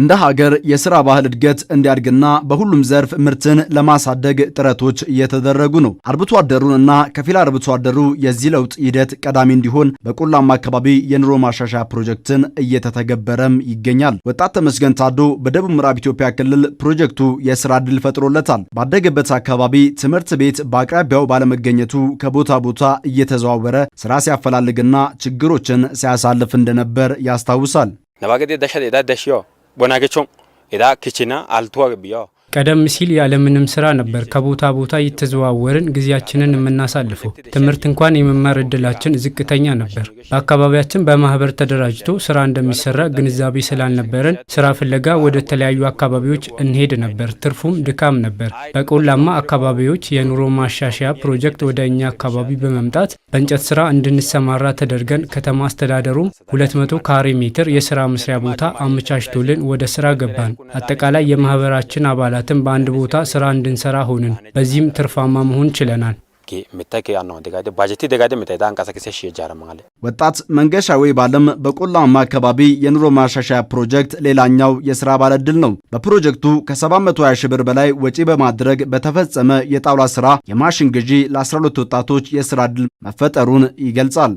እንደ ሀገር የሥራ ባህል እድገት እንዲያድግና በሁሉም ዘርፍ ምርትን ለማሳደግ ጥረቶች እየተደረጉ ነው። አርብቶ አደሩንና ከፊል አርብቶ አደሩ የዚህ ለውጥ ሂደት ቀዳሚ እንዲሆን በቆላማ አካባቢ የኑሮ ማሻሻያ ፕሮጀክትን እየተተገበረም ይገኛል። ወጣት ተመስገን ታዶ በደቡብ ምዕራብ ኢትዮጵያ ክልል ፕሮጀክቱ የሥራ ዕድል ፈጥሮለታል። ባደገበት አካባቢ ትምህርት ቤት በአቅራቢያው ባለመገኘቱ ከቦታ ቦታ እየተዘዋወረ ሥራ ሲያፈላልግና ችግሮችን ሲያሳልፍ እንደነበር ያስታውሳል። Buena que hecho, edad que china, alto a que ቀደም ሲል ያለምንም ስራ ነበር ከቦታ ቦታ እየተዘዋወርን ጊዜያችንን የምናሳልፈው። ትምህርት እንኳን የመማር እድላችን ዝቅተኛ ነበር። በአካባቢያችን በማህበር ተደራጅቶ ስራ እንደሚሰራ ግንዛቤ ስላልነበረን ስራ ፍለጋ ወደ ተለያዩ አካባቢዎች እንሄድ ነበር። ትርፉም ድካም ነበር። በቆላማ አካባቢዎች የኑሮ ማሻሻያ ፕሮጀክት ወደ እኛ አካባቢ በመምጣት በእንጨት ስራ እንድንሰማራ ተደርገን ከተማ አስተዳደሩም 200 ካሬ ሜትር የስራ መስሪያ ቦታ አመቻችቶልን ወደ ስራ ገባን። አጠቃላይ የማህበራችን አባላት በትምህርትም በአንድ ቦታ ስራ እንድንሰራ ሆንን። በዚህም ትርፋማ መሆን ችለናል። ወጣት መንገሻ ወይባለም በቆላማ አካባቢ የኑሮ ማሻሻያ ፕሮጀክት ሌላኛው የስራ ባለድል ነው። በፕሮጀክቱ ከ720 ሺህ ብር በላይ ወጪ በማድረግ በተፈጸመ የጣውላ ስራ የማሽን ግዢ ለ12 ወጣቶች የስራ እድል መፈጠሩን ይገልጻል።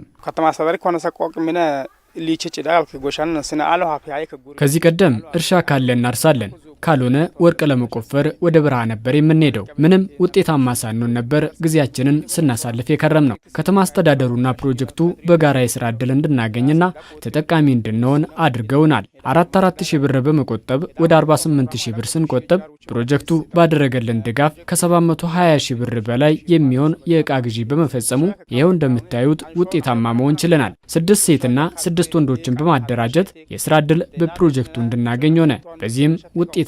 ከዚህ ቀደም እርሻ ካለ እናርሳለን ካልሆነ ወርቅ ለመቆፈር ወደ በረሃ ነበር የምንሄደው። ምንም ውጤታማ ሳንሆን ነበር ጊዜያችንን ስናሳልፍ የከረም ነው። ከተማ አስተዳደሩና ፕሮጀክቱ በጋራ የስራ እድል እንድናገኝና ተጠቃሚ እንድንሆን አድርገውናል። አራት አራት ሺህ ብር በመቆጠብ ወደ 48 ሺህ ብር ስንቆጠብ ፕሮጀክቱ ባደረገልን ድጋፍ ከ720 ሺህ ብር በላይ የሚሆን የእቃ ግዢ በመፈጸሙ ይኸው እንደምታዩት ውጤታማ መሆን ችለናል። ስድስት ሴትና ስድስት ወንዶችን በማደራጀት የስራ እድል በፕሮጀክቱ እንድናገኝ ሆነ። በዚህም ውጤታ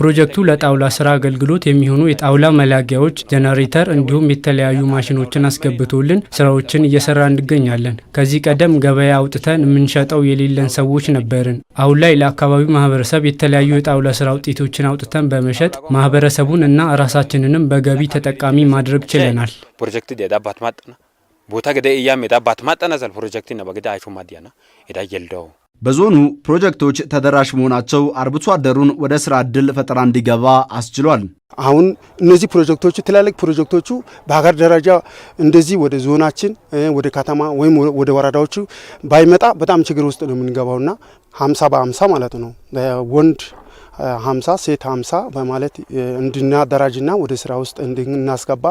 ፕሮጀክቱ ለጣውላ ስራ አገልግሎት የሚሆኑ የጣውላ መላጊያዎች፣ ጀነሬተር እንዲሁም የተለያዩ ማሽኖችን አስገብቶልን ስራዎችን እየሰራ እንገኛለን። ከዚህ ቀደም ገበያ አውጥተን የምንሸጠው የሌለን ሰዎች ነበርን። አሁን ላይ ለአካባቢው ማህበረሰብ የተለያዩ የጣውላ ስራ ውጤቶችን አውጥተን በመሸጥ ማህበረሰቡን እና ራሳችንንም በገቢ ተጠቃሚ ማድረግ ችለናል። ቦታ ገደ እያም የጣባት ማጠናዘል ፕሮጀክት ነበግዳ አይፉ ማዲያና የዳ የልደው በዞኑ ፕሮጀክቶች ተደራሽ መሆናቸው አርብቶ አደሩን ወደ ስራ እድል ፈጠራ እንዲገባ አስችሏል። አሁን እነዚህ ፕሮጀክቶቹ ትላልቅ ፕሮጀክቶቹ በሀገር ደረጃ እንደዚህ ወደ ዞናችን ወደ ከተማ ወይም ወደ ወረዳዎቹ ባይመጣ በጣም ችግር ውስጥ ነው የምንገባውና ሀምሳ በሀምሳ ማለት ነው ወንድ ሀምሳ ሴት ሀምሳ በማለት እንድናደራጅና ወደ ስራ ውስጥ እንድናስገባ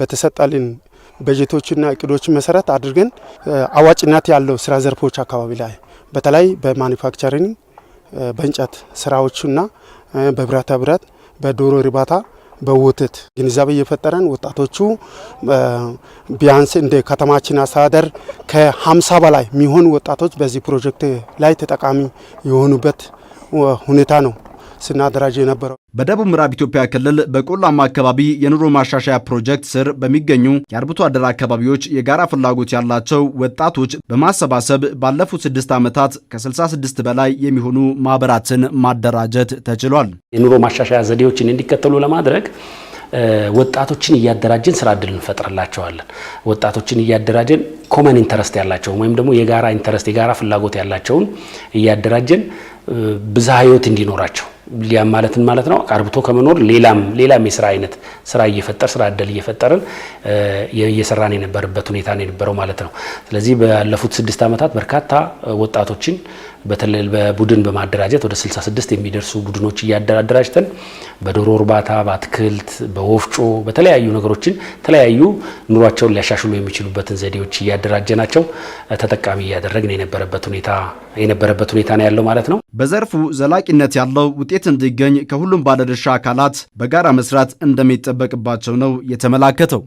በተሰጠልን በጀቶችና እቅዶች መሰረት አድርገን አዋጭነት ያለው ስራ ዘርፎች አካባቢ ላይ በተለይ በማኒፋክቸሪንግ በእንጨት ስራዎችና በብረታ ብረት፣ በዶሮ እርባታ፣ በወተት ግንዛቤ እየፈጠረን ወጣቶቹ ቢያንስ እንደ ከተማችን አስተዳደር ከሀምሳ በላይ የሚሆኑ ወጣቶች በዚህ ፕሮጀክት ላይ ተጠቃሚ የሆኑበት ሁኔታ ነው። ስናደራጅ የነበረው። በደቡብ ምዕራብ ኢትዮጵያ ክልል በቆላማ አካባቢ የኑሮ ማሻሻያ ፕሮጀክት ስር በሚገኙ የአርብቶ አደር አካባቢዎች የጋራ ፍላጎት ያላቸው ወጣቶች በማሰባሰብ ባለፉት ስድስት ዓመታት ከ66 በላይ የሚሆኑ ማህበራትን ማደራጀት ተችሏል። የኑሮ ማሻሻያ ዘዴዎችን እንዲከተሉ ለማድረግ ወጣቶችን እያደራጀን ስራ እድል እንፈጥርላቸዋለን። ወጣቶችን እያደራጀን ኮመን ኢንተረስት ያላቸውን ወይም ደግሞ የጋራ ኢንተረስት የጋራ ፍላጎት ያላቸውን እያደራጀን ብዝሃ ህይወት እንዲኖራቸው ሊያም ማለትን ማለት ነው አርብቶ ከመኖር ሌላም ሌላም የስራ አይነት ስራ እየፈጠር ስራ እድል እየፈጠርን እየሰራን የነበረበት ሁኔታ ነው የነበረው ማለት ነው። ስለዚህ ባለፉት ስድስት ዓመታት በርካታ ወጣቶችን በተለይ በቡድን በማደራጀት ወደ 66 የሚደርሱ ቡድኖች እያደራደራጅተን በዶሮ እርባታ፣ በአትክልት፣ በወፍጮ በተለያዩ ነገሮችን ተለያዩ ኑሯቸውን ሊያሻሽሉ የሚችሉበትን ዘዴዎች እያደራጀ ናቸው ተጠቃሚ እያደረግን የነበረበት ሁኔታ የነበረበት ሁኔታ ነው ያለው ማለት ነው። በዘርፉ ዘላቂነት ያለው ውጤት እንዲገኝ ከሁሉም ባለድርሻ አካላት በጋራ መስራት እንደሚጠበቅባቸው ነው የተመላከተው።